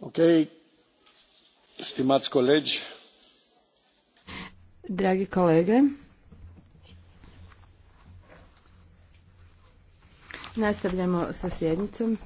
Okay. stimačko Dragi kolege, nastavljamo sa sjednicom.